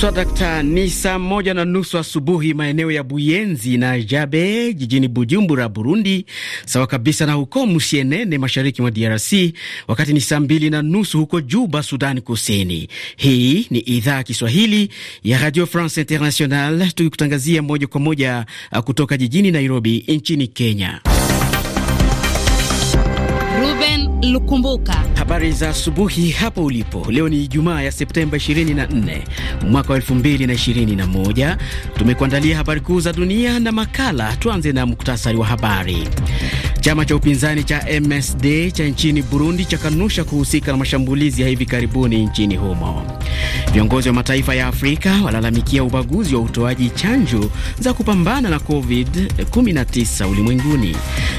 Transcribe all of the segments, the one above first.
Haswa dakta, ni saa moja na nusu asubuhi maeneo ya Buyenzi na Jabe jijini Bujumbura, Burundi, sawa kabisa na huko Musienene mashariki mwa DRC, wakati ni saa mbili na nusu huko Juba, sudani Kusini. Hii ni idhaa ya Kiswahili ya Radio France International, tukikutangazia moja kwa moja uh, kutoka jijini Nairobi nchini Kenya. Lukumbuka. Habari za asubuhi hapo ulipo. Leo ni Ijumaa ya Septemba 24 mwaka wa 2021. Tumekuandalia habari kuu za dunia na makala. Tuanze na muktasari wa habari. Chama cha upinzani cha MSD cha nchini Burundi cha kanusha kuhusika na mashambulizi ya hivi karibuni nchini humo. Viongozi wa mataifa ya Afrika walalamikia ubaguzi wa utoaji chanjo za kupambana na COVID-19 ulimwenguni,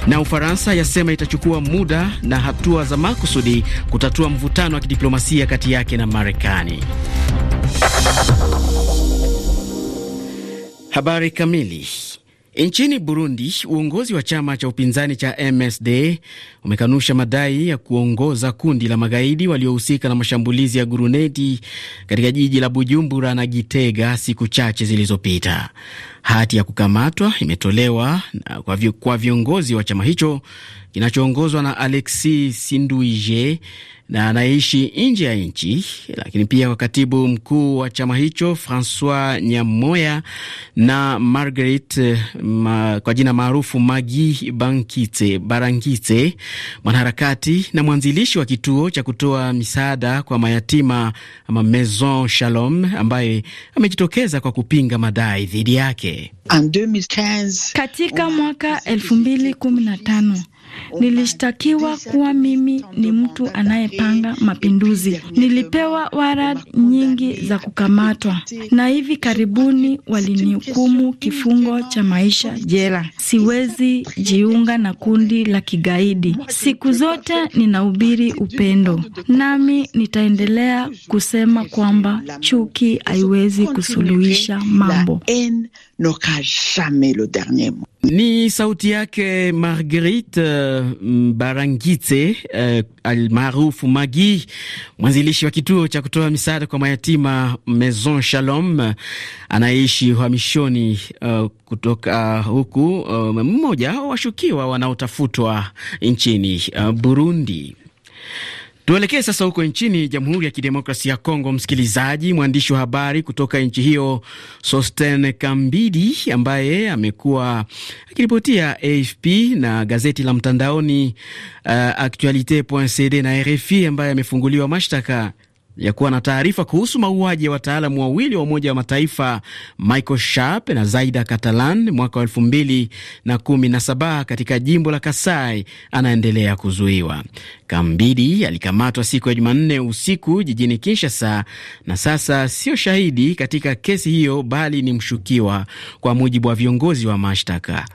na Ufaransa yasema itachukua muda na hatua za makusudi kutatua mvutano wa kidiplomasia kati yake na Marekani. Habari kamili. Nchini Burundi, uongozi wa chama cha upinzani cha MSD umekanusha madai ya kuongoza kundi la magaidi waliohusika na mashambulizi ya guruneti katika jiji la Bujumbura na Gitega siku chache zilizopita. Hati ya kukamatwa imetolewa kwa viongozi wa chama hicho kinachoongozwa na Alexi Sinduije na anayeishi nje ya nchi, lakini pia kwa katibu mkuu wa chama hicho Francois Nyamoya na Margaret eh, ma, kwa jina maarufu Magi Bankite Barangite, mwanaharakati na mwanzilishi wa kituo cha kutoa misaada kwa mayatima ama Maison Shalom, ambaye amejitokeza kwa kupinga madai dhidi yake wake. Katika mwaka elfu mbili kumi na tano Nilishtakiwa kuwa mimi ni mtu anayepanga mapinduzi. Nilipewa warad nyingi za kukamatwa, na hivi karibuni walinihukumu kifungo cha maisha jela. Siwezi jiunga na kundi la kigaidi. Siku zote ninahubiri upendo, nami nitaendelea kusema kwamba chuki haiwezi kusuluhisha mambo. Ni sauti yake Marguerite eh, Barangitse uh, eh, almaarufu Magi, mwanzilishi wa kituo cha kutoa misaada kwa mayatima Maison Shalom eh, anayeishi uhamishoni uh, kutoka uh, huku uh, mmoja washukiwa wanaotafutwa nchini uh, Burundi. Tuelekee sasa huko nchini Jamhuri ya Kidemokrasia ya Kongo, msikilizaji. Mwandishi wa habari kutoka nchi hiyo Sosten Kambidi, ambaye amekuwa akiripotia AFP na gazeti la mtandaoni uh, actualite.cd na RFI, ambaye amefunguliwa mashtaka ya kuwa na taarifa kuhusu mauaji ya wataalamu wawili wa Umoja wa Mataifa Michael Sharp na Zaida Catalan mwaka wa elfu mbili na kumi na saba katika jimbo la Kasai anaendelea kuzuiwa. Kambidi alikamatwa siku ya Jumanne usiku jijini Kinshasa na sasa sio shahidi katika kesi hiyo, bali ni mshukiwa kwa mujibu wa viongozi wa mashtaka.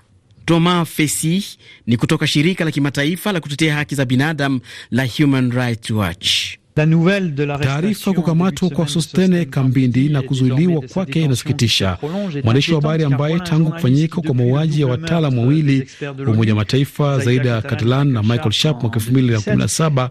Thomas Fesi ni kutoka shirika la kimataifa la kutetea haki za binadamu la Human Rights Watch. Taarifa kukamatwa kwa Sostene Kambindi na kuzuiliwa kwake inasikitisha. Mwandishi wa habari ambaye tangu kufanyika kwa mauaji ya wataalam wawili wa Umoja wa Mataifa Zaida Catalan na Michael Sharp mwaka saba,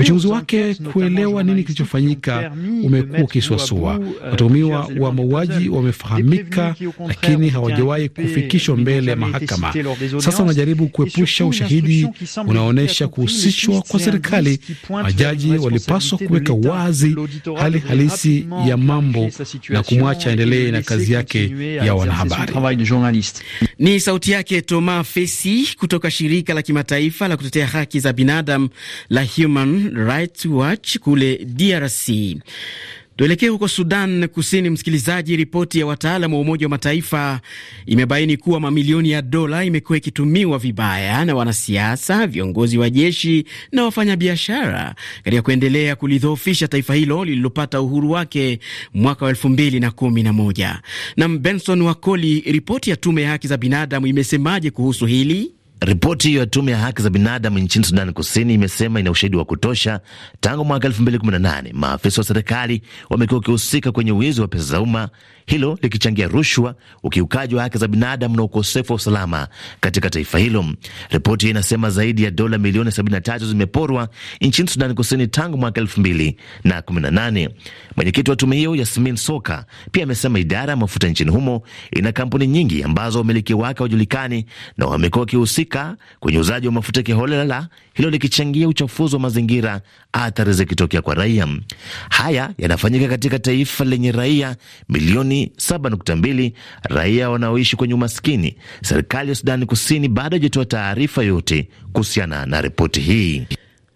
uchunguzi wake kuelewa nini kilichofanyika umekuwa ukisuasua. Watuhumiwa wa mauaji wamefahamika, lakini hawajawahi kufikishwa mbele ya mahakama. Sasa wanajaribu kuepusha ushahidi unaoonyesha kuhusishwa kwa serikali. Majaji walipa anapaswa kuweka wazi hali halisi ya mambo na kumwacha aendelee na kazi yake ya wanahabari. Ni sauti yake Thomas Fesi kutoka shirika la kimataifa la kutetea haki za binadamu la Human Rights Watch kule DRC. Tuelekee huko Sudan Kusini, msikilizaji. Ripoti ya wataalam wa Umoja wa Mataifa imebaini kuwa mamilioni ya dola imekuwa ikitumiwa vibaya na wanasiasa, viongozi wa jeshi na wafanyabiashara katika kuendelea kulidhoofisha taifa hilo lililopata uhuru wake mwaka wa elfu mbili na kumi na moja. Nam Benson Wakoli, ripoti ya tume ya haki za binadamu imesemaje kuhusu hili? Ripoti hiyo ya tume ya haki za binadamu nchini Sudani Kusini imesema ina ushahidi wa kutosha tangu mwaka 2018 maafisa wa serikali wamekuwa wakihusika kwenye wizi wa pesa za umma, hilo likichangia rushwa, ukiukaji wa haki za binadamu na ukosefu wa usalama katika taifa hilo. Ripoti hiyo inasema zaidi ya dola milioni 73 zimeporwa nchini Sudani Kusini tangu mwaka 2018. Mwenyekiti wa tume hiyo Yasmin Soka pia amesema idara ya mafuta nchini humo ina kampuni nyingi ambazo wamiliki wake hawajulikani na wamekuwa wakihusika kwenye uzaji wa mafuta kiholela, hilo likichangia uchafuzi wa mazingira, athari zikitokea kwa raia. Haya yanafanyika katika taifa lenye raia milioni 7.2 raia wanaoishi kwenye umaskini, serikali ya Sudani Kusini bado haijatoa taarifa yote kuhusiana na ripoti hii.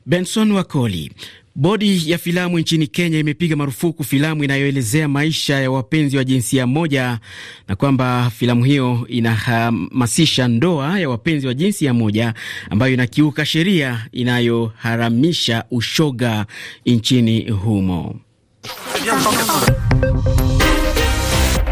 Benson Wakoli. Bodi ya filamu nchini Kenya imepiga marufuku filamu inayoelezea maisha ya wapenzi wa jinsia moja na kwamba filamu hiyo inahamasisha ndoa ya wapenzi wa jinsia moja ambayo inakiuka sheria inayoharamisha ushoga nchini humo.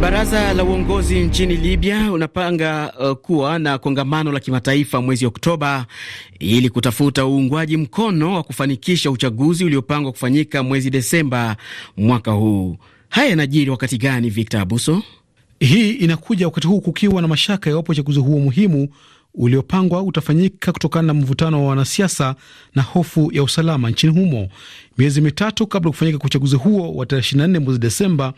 Baraza la uongozi nchini Libya unapanga uh, kuwa na kongamano la kimataifa mwezi Oktoba ili kutafuta uungwaji mkono wa kufanikisha uchaguzi uliopangwa kufanyika mwezi Desemba mwaka huu. Haya yanajiri wakati gani, Victor Abuso? Hii inakuja wakati huu kukiwa na mashaka iwapo uchaguzi huo muhimu uliopangwa utafanyika kutokana na mvutano wa wanasiasa na hofu ya usalama nchini humo. Miezi mitatu kabla ya kufanyika kwa uchaguzi huo wa tarehe 24 mwezi Desemba,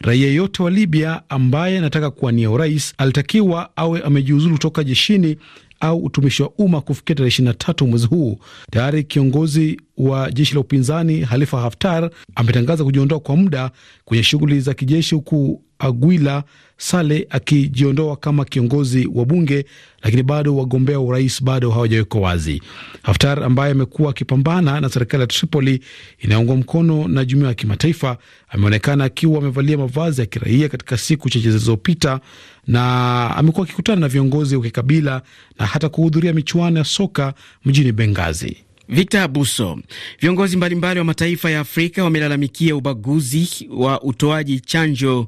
raia yote wa Libya ambaye anataka kuwania urais alitakiwa awe amejiuzulu kutoka jeshini au utumishi wa umma kufikia tarehe 23 mwezi huu. Tayari kiongozi wa jeshi la upinzani Halifa Haftar ametangaza kujiondoa kwa muda kwenye shughuli za kijeshi huku Aguila Sale akijiondoa kama kiongozi wa bunge, lakini bado wagombea wa urais bado hawajawekwa wazi. Haftar ambaye amekuwa akipambana na serikali ya Tripoli inayoungwa mkono na jumuiya ya kimataifa ameonekana akiwa amevalia mavazi ya kiraia katika siku chache zilizopita, na amekuwa akikutana na viongozi wa kikabila na hata kuhudhuria michuano ya soka mjini Bengazi. Victor Abuso, viongozi mbalimbali wa mataifa ya Afrika wamelalamikia ubaguzi wa utoaji chanjo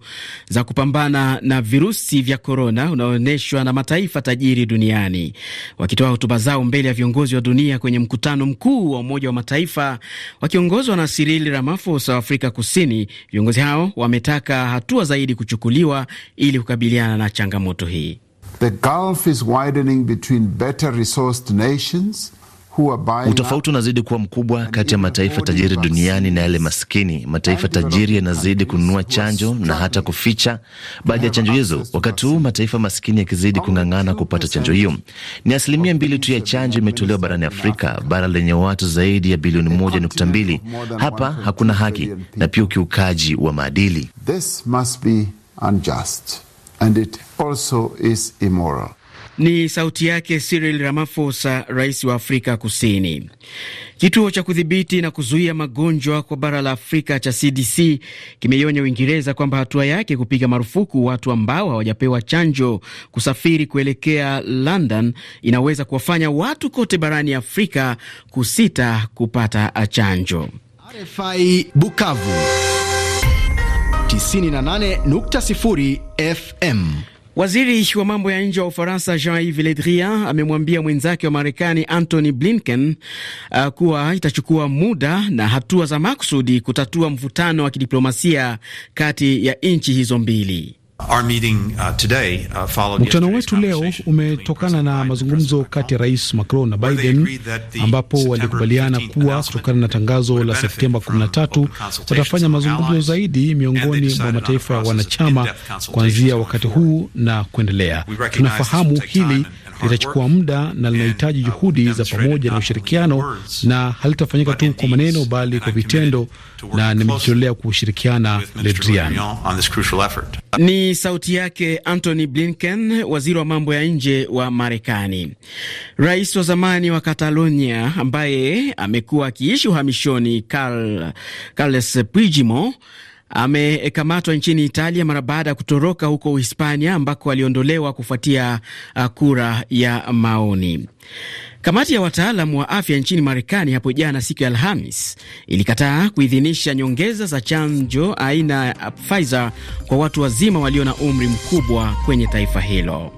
za kupambana na virusi vya korona unaoonyeshwa na mataifa tajiri duniani. Wakitoa hotuba zao mbele ya viongozi wa dunia kwenye mkutano mkuu wa Umoja wa Mataifa wakiongozwa na Cyril Ramaphosa wa Afrika Kusini, viongozi hao wametaka hatua zaidi kuchukuliwa ili kukabiliana na changamoto hii. The gulf is widening between better resourced nations Utofauti unazidi kuwa mkubwa kati ya mataifa tajiri duniani na yale maskini. Mataifa tajiri yanazidi kununua chanjo na hata kuficha baadhi ya chanjo hizo, wakati huu mataifa maskini yakizidi kung'ang'ana kupata chanjo hiyo. Ni asilimia mbili tu ya chanjo imetolewa barani Afrika, bara lenye watu zaidi ya bilioni moja nukta mbili. Hapa hakuna haki na pia ukiukaji wa maadili. This must be unjust and it also is immoral. Ni sauti yake Cyril Ramaphosa, rais wa Afrika Kusini. Kituo cha kudhibiti na kuzuia magonjwa kwa bara la Afrika cha CDC kimeionya Uingereza kwamba hatua yake kupiga marufuku watu ambao hawajapewa chanjo kusafiri kuelekea London inaweza kuwafanya watu kote barani Afrika kusita kupata chanjo. RFI Bukavu 98.0 FM Waziri wa mambo ya nje wa Ufaransa Jean-Yves Le Drian amemwambia mwenzake wa Marekani Antony Blinken uh, kuwa itachukua muda na hatua za makusudi kutatua mvutano wa kidiplomasia kati ya nchi hizo mbili. Uh, uh, Mkutano wetu leo umetokana na mazungumzo kati ya Rais Macron na Biden ambapo walikubaliana kuwa kutokana na tangazo la Septemba 13 watafanya mazungumzo zaidi miongoni mwa mataifa ya wanachama kuanzia wakati huu na kuendelea. Tunafahamu hili litachukua muda na linahitaji juhudi za pamoja na ushirikiano, na halitafanyika tu kwa maneno, bali kwa vitendo, na nimejitolea kushirikiana. ni sauti yake Antony Blinken, waziri wa mambo ya nje wa Marekani. Rais wa zamani wa Catalonia ambaye amekuwa akiishi uhamishoni Carles Puigdemont amekamatwa nchini Italia mara baada ya kutoroka huko Uhispania ambako aliondolewa kufuatia uh, kura ya maoni. Kamati ya wataalam wa afya nchini Marekani hapo jana siku ya Alhamis ilikataa kuidhinisha nyongeza za chanjo aina ya Pfizer kwa watu wazima walio na umri mkubwa kwenye taifa hilo.